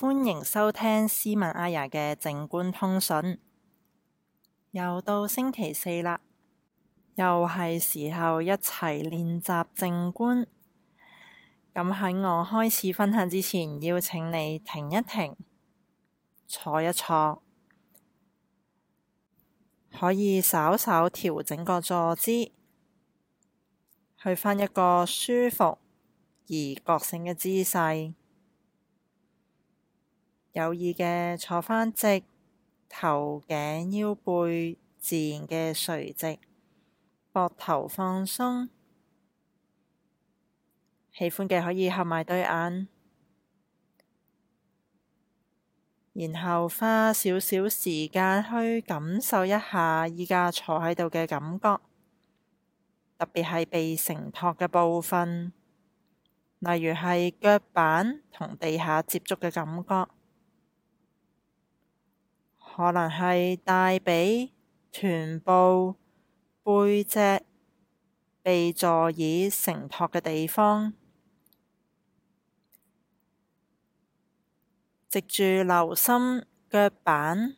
歡迎收聽斯文阿爺嘅靜觀通訊。又到星期四啦，又係時候一齊練習靜觀。咁喺我開始分享之前，要請你停一停，坐一坐，可以稍稍調整個坐姿，去返一個舒服而覺醒嘅姿勢。有意嘅坐返直，頭頸腰背自然嘅垂直，膊頭放鬆。喜歡嘅可以合埋對眼，然後花少少時間去感受一下依家坐喺度嘅感覺，特別係被承托嘅部分，例如係腳板同地下接觸嘅感覺。可能係大髀、臀部、背脊、被座椅承托嘅地方，藉住留心腳板、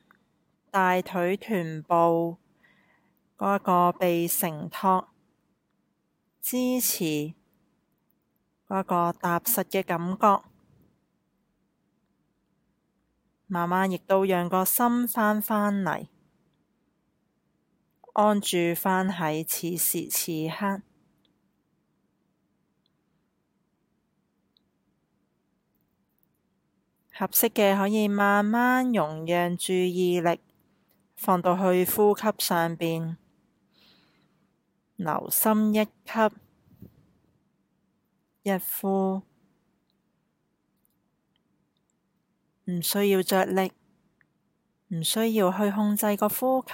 大腿、臀部嗰個被承托、支持嗰個踏實嘅感覺。慢慢亦都讓個心翻返嚟，安住翻喺此時此刻合適嘅，可以慢慢容讓注意力放到去呼吸上邊，留心一吸一呼。唔需要着力，唔需要去控制個呼吸，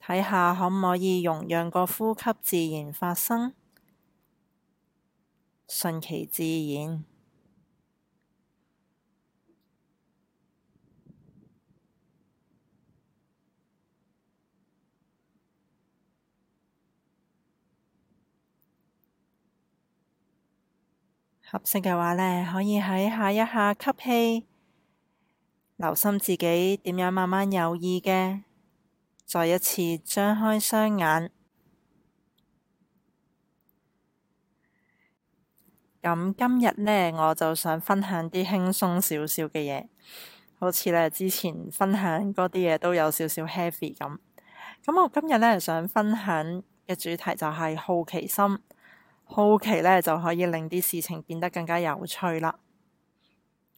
睇下可唔可以容讓個呼吸自然發生，順其自然。合適嘅話呢，可以喺下一下吸氣。留心自己點樣慢慢有意嘅，再一次張開雙眼。咁今日呢，我就想分享啲輕鬆少少嘅嘢，好似呢之前分享嗰啲嘢都有少少 heavy 咁。咁我今日呢，想分享嘅主題就係好奇心，好奇呢，就可以令啲事情變得更加有趣啦。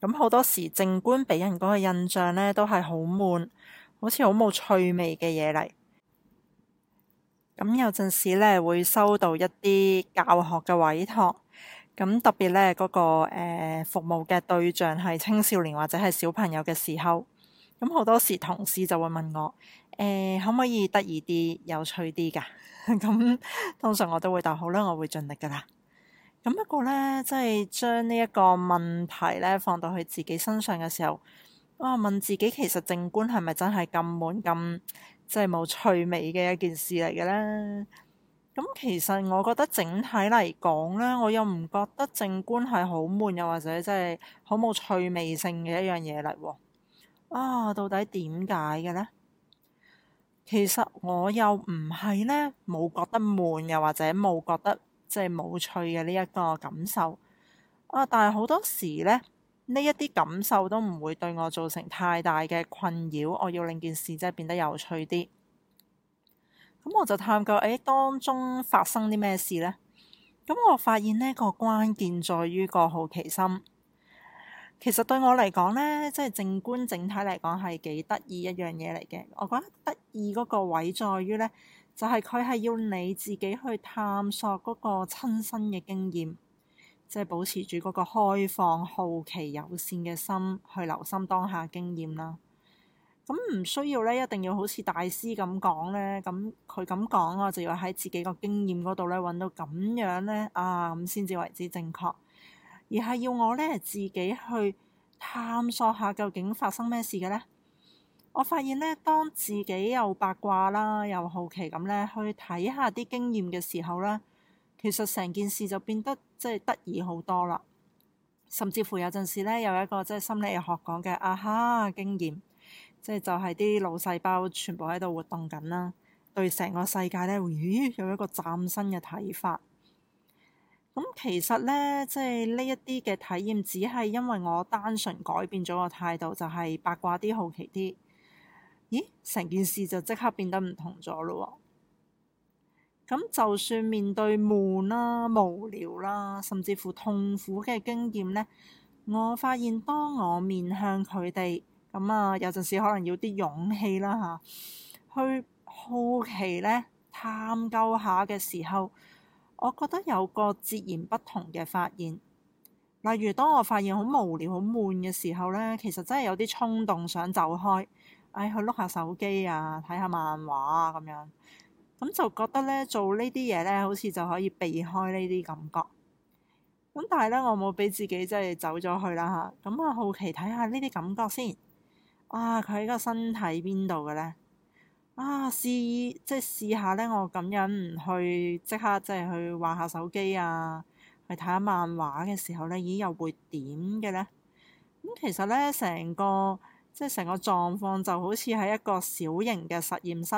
咁好多時，靜觀俾人嗰個印象呢都係好悶，好似好冇趣味嘅嘢嚟。咁有陣時呢會收到一啲教學嘅委託，咁特別呢嗰、那個、呃、服務嘅對象係青少年或者係小朋友嘅時候，咁好多時同事就會問我，誒、呃、可唔可以得意啲、有趣啲㗎？咁 通常我都會答好啦，我會盡力㗎啦。咁不過呢，即係將呢一個問題呢放到佢自己身上嘅時候，啊，問自己其實靜觀係咪真係咁悶，咁，即係冇趣味嘅一件事嚟嘅呢。咁其實我覺得整體嚟講呢，我又唔覺得靜觀係好悶，又或者即係好冇趣味性嘅一樣嘢嚟喎。啊，到底點解嘅呢？其實我又唔係呢，冇覺得悶，又或者冇覺得。即係冇趣嘅呢一個感受啊！但係好多時呢，呢一啲感受都唔會對我造成太大嘅困擾。我要令件事即係變得有趣啲。咁我就探究，誒、哎、當中發生啲咩事呢？咁我發現呢一個關鍵在於個好奇心。其實對我嚟講呢，即係靜觀整體嚟講係幾得意一樣嘢嚟嘅。我覺得得意嗰個位在於呢。就係佢係要你自己去探索嗰個親身嘅經驗，即係保持住嗰個開放、好奇、友善嘅心去留心當下經驗啦。咁唔需要咧，一定要好似大師咁講咧。咁佢咁講我就要喺自己個經驗嗰度咧揾到咁樣咧啊，咁先至為之正確，而係要我咧自己去探索下究竟發生咩事嘅咧。我發現咧，當自己又八卦啦，又好奇咁咧，去睇下啲經驗嘅時候咧，其實成件事就變得即係得意好多啦。甚至乎有陣時咧，有一個即係心理學講嘅啊哈經驗，即係就係啲腦細胞全部喺度活動緊啦，對成個世界咧，咦，有一個嶄新嘅睇法。咁其實咧，即係呢一啲嘅體驗，只係因為我單純改變咗個態度，就係八卦啲，好奇啲。咦，成件事就即刻變得唔同咗咯。咁就算面對悶啦、啊、無聊啦、啊，甚至乎痛苦嘅經驗呢，我發現當我面向佢哋咁啊，有陣時可能要啲勇氣啦吓，去好奇呢，探究下嘅時候，我覺得有個截然不同嘅發現。例如，當我發現好無聊、好悶嘅時候呢，其實真係有啲衝動想走開。哎，去碌下手機啊，睇下漫畫啊，咁樣咁就覺得咧做呢啲嘢咧，好似就可以避開呢啲感覺。咁但係咧，我冇俾自己即係走咗去啦嚇。咁啊，好奇睇下呢啲感覺先。啊，佢個身體邊度嘅咧？啊，試即係試下咧，我咁樣去即刻即係去玩下手機啊，去睇下漫畫嘅時候咧，咦又會點嘅咧？咁其實咧，成個。即係成個狀況就好似喺一個小型嘅實驗室，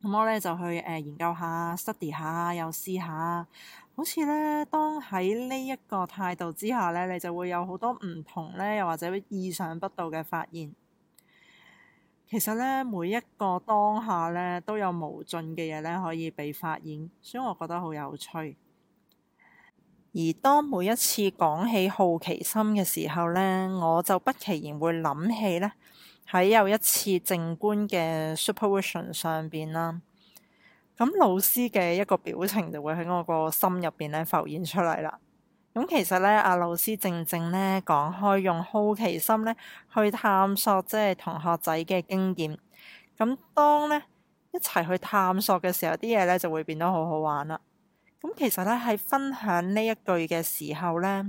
咁我咧就去誒研究下、study 下，又試下。好似咧，當喺呢一個態度之下咧，你就會有好多唔同咧，又或者意想不到嘅發現。其實咧，每一個當下咧都有無盡嘅嘢咧可以被發現，所以我覺得好有趣。而當每一次講起好奇心嘅時候呢，我就不其然會諗起呢喺有一次靜觀嘅 supervision 上邊啦。咁老師嘅一個表情就會喺我個心入邊咧浮現出嚟啦。咁其實呢，阿老師正正呢講開用好奇心呢去探索，即係同學仔嘅經驗。咁當呢一齊去探索嘅時候，啲嘢呢就會變得好好玩啦。咁其實咧，係分享呢一句嘅時候咧，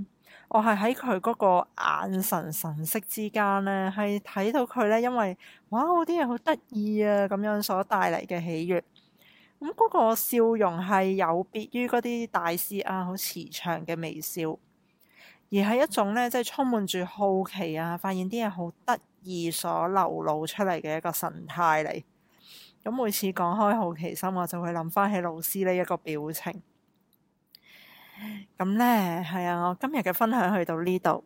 我係喺佢嗰個眼神神色之間咧，係睇到佢咧，因為哇，我啲嘢好得意啊，咁樣所帶嚟嘅喜悅。咁嗰個笑容係有別於嗰啲大師啊，好慈祥嘅微笑，而係一種咧，即係充滿住好奇啊，發現啲嘢好得意所流露出嚟嘅一個神態嚟。咁每次講開好奇心，我就會諗翻起老師呢一個表情。咁呢，係啊！我今日嘅分享去到呢度，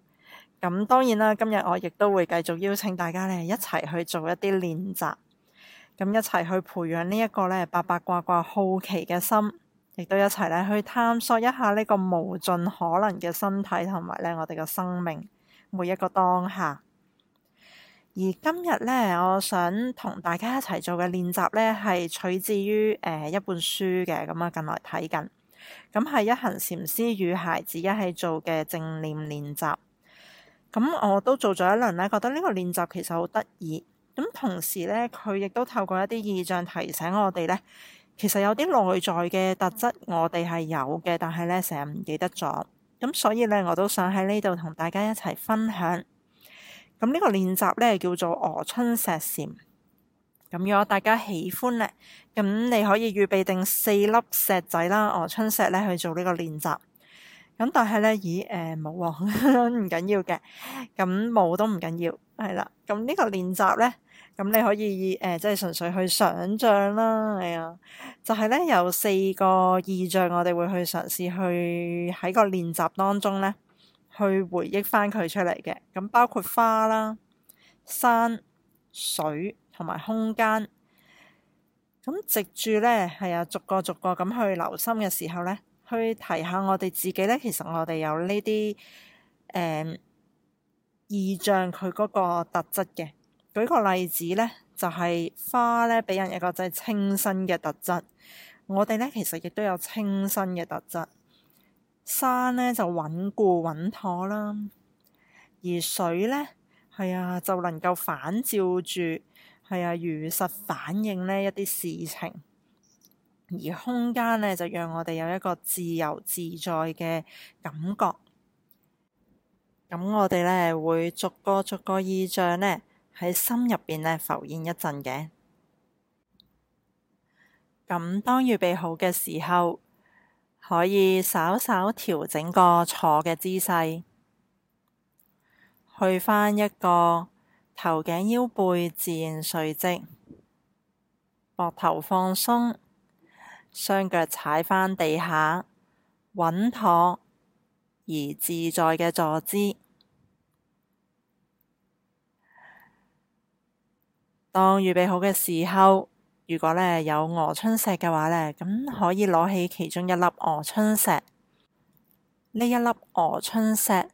咁當然啦，今日我亦都會繼續邀請大家咧一齊去做一啲練習，咁一齊去培養呢一個咧八八卦卦好奇嘅心，亦都一齊咧去探索一下呢個無盡可能嘅身體同埋咧我哋嘅生命每一個當下。而今日呢，我想同大家一齊做嘅練習呢，係取自於誒一本書嘅，咁啊，近來睇緊。咁係、嗯、一行禪師與孩子一齊做嘅正念練習，咁、嗯、我都做咗一輪咧，覺得呢個練習其實好得意，咁、嗯、同時呢，佢亦都透過一啲意象提醒我哋呢，其實有啲內在嘅特質我哋係有嘅，但係呢成日唔記得咗，咁、嗯、所以呢，我都想喺呢度同大家一齊分享，咁、嗯、呢、呢個練習呢，叫做鵝春石禪。咁如果大家喜歡咧，咁你可以預備定四粒石仔啦。鵝春石咧去做個練習呢個練習。咁但係咧，咦？誒冇喎，唔緊要嘅。咁 冇都唔緊要，係啦。咁、這、呢個練習咧，咁你可以誒、呃，即係純粹去想像啦。係啊，就係咧，有四個意象，我哋會去嘗試去喺個練習當中咧去回憶返佢出嚟嘅。咁包括花啦、山、水。同埋空間咁，藉住咧係啊，逐個逐個咁去留心嘅時候咧，去提下我哋自己咧。其實我哋有呢啲誒意象，佢嗰個特質嘅。舉個例子咧，就係、是、花咧俾人一個即係清新嘅特質，我哋咧其實亦都有清新嘅特質。山咧就穩固穩妥啦，而水咧係啊，就能夠反照住。係啊，如實反映呢一啲事情，而空間呢就讓我哋有一個自由自在嘅感覺。咁我哋呢會逐個逐個意象呢喺心入邊呢浮現一陣嘅。咁當預備好嘅時候，可以稍稍調整個坐嘅姿勢，去翻一個。頭頸腰背自然垂直，膊頭放鬆，雙腳踩返地下，穩妥而自在嘅坐姿。當預備好嘅時候，如果呢有鵝春石嘅話呢，咁可以攞起其中一粒鵝春石。呢一粒鵝春石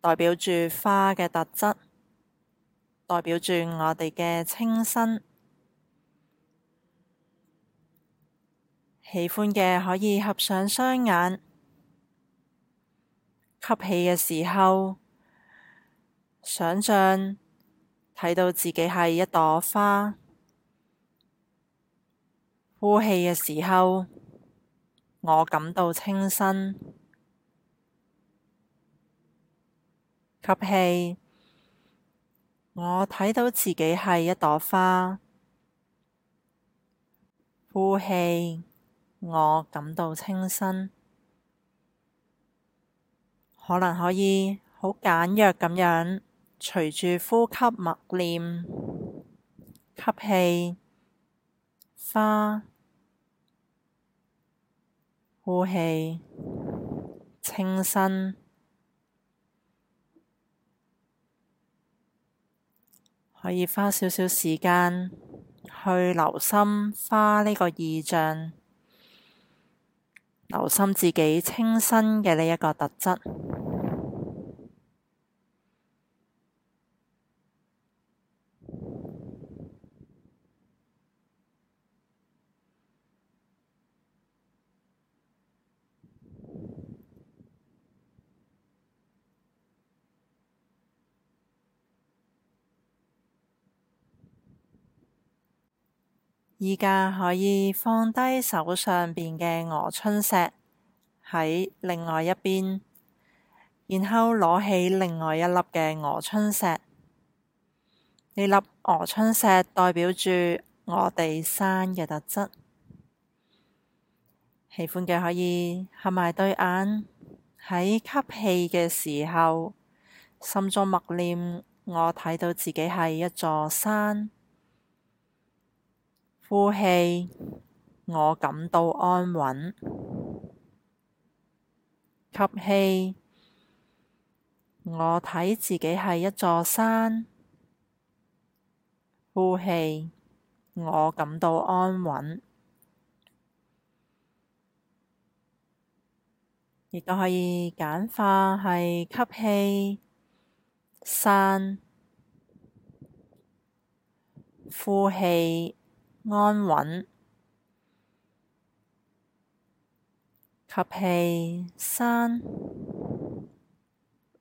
代表住花嘅特質。代表住我哋嘅清新，喜歡嘅可以合上雙眼，吸氣嘅時候，想象睇到自己係一朵花；呼氣嘅時候，我感到清新。吸氣。我睇到自己係一朵花，呼氣，我感到清新。可能可以好簡約咁樣，隨住呼吸默念：吸氣，花；呼氣，清新。可以花少少時間去留心，花呢個意象，留心自己清新嘅呢一個特質。依家可以放低手上邊嘅鵝春石喺另外一邊，然後攞起另外一粒嘅鵝春石。呢粒鵝春石代表住我哋山嘅特質。喜歡嘅可以合埋對眼，喺吸氣嘅時候，心中默念：我睇到自己係一座山。呼氣，我感到安穩。吸氣，我睇自己係一座山。呼氣，我感到安穩。亦都可以簡化係吸氣，山。呼氣。安穩，吸氣，山，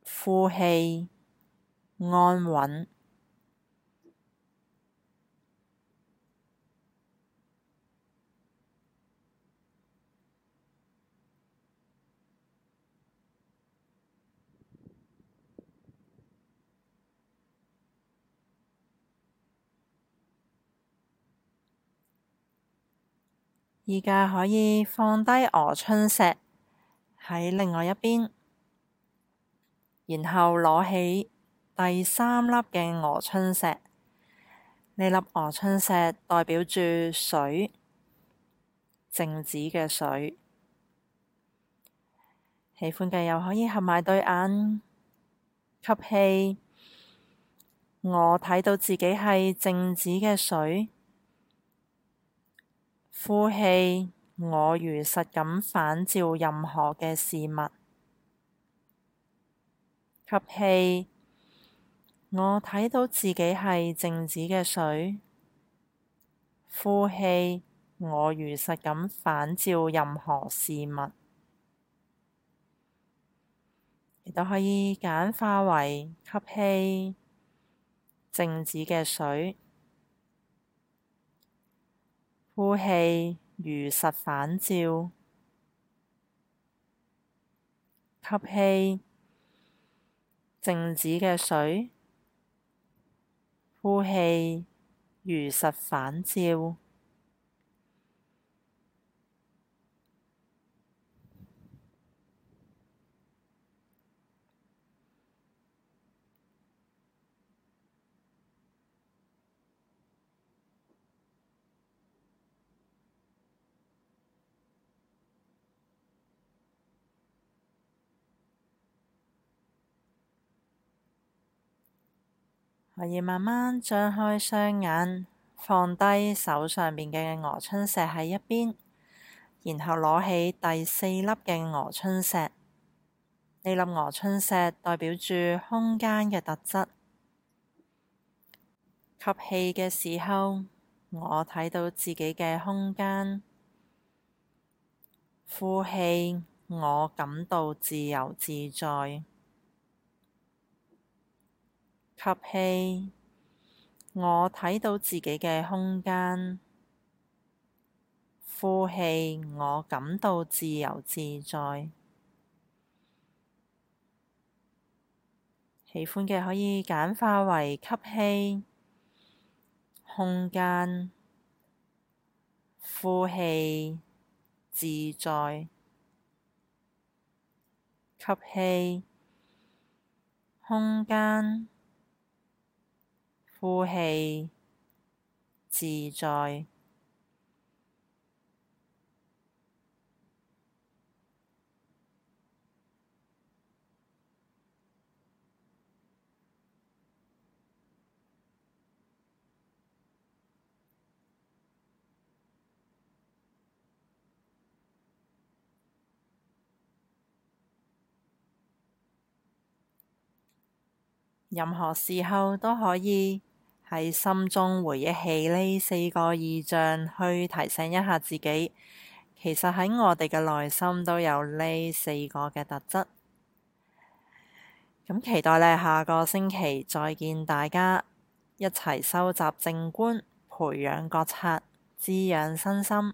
呼氣，安穩。而家可以放低鵝春石喺另外一邊，然後攞起第三粒嘅鵝春石。呢粒鵝春石代表住水，靜止嘅水。喜歡嘅又可以合埋對眼，吸氣，我睇到自己係靜止嘅水。呼氣，我如實咁反照任何嘅事物；吸氣，我睇到自己係靜止嘅水。呼氣，我如實咁反照任何事物，亦都可以簡化為吸氣，靜止嘅水。呼氣如實反照，吸氣靜止嘅水。呼氣如實反照。而慢慢張開雙眼，放低手上邊嘅鵝春石喺一邊，然後攞起第四粒嘅鵝春石。呢粒鵝春石代表住空間嘅特質。吸氣嘅時候，我睇到自己嘅空間；呼氣，我感到自由自在。吸氣，我睇到自己嘅空間。呼氣，我感到自由自在。喜歡嘅可以簡化為吸氣，空間，呼氣，自在。吸氣，空間。呼氣，自在，任何時候都可以。喺心中回憶起呢四個意象，去提醒一下自己，其實喺我哋嘅內心都有呢四個嘅特質。咁期待你下個星期再見大家，一齊收集靜觀，培養覺察，滋養身心。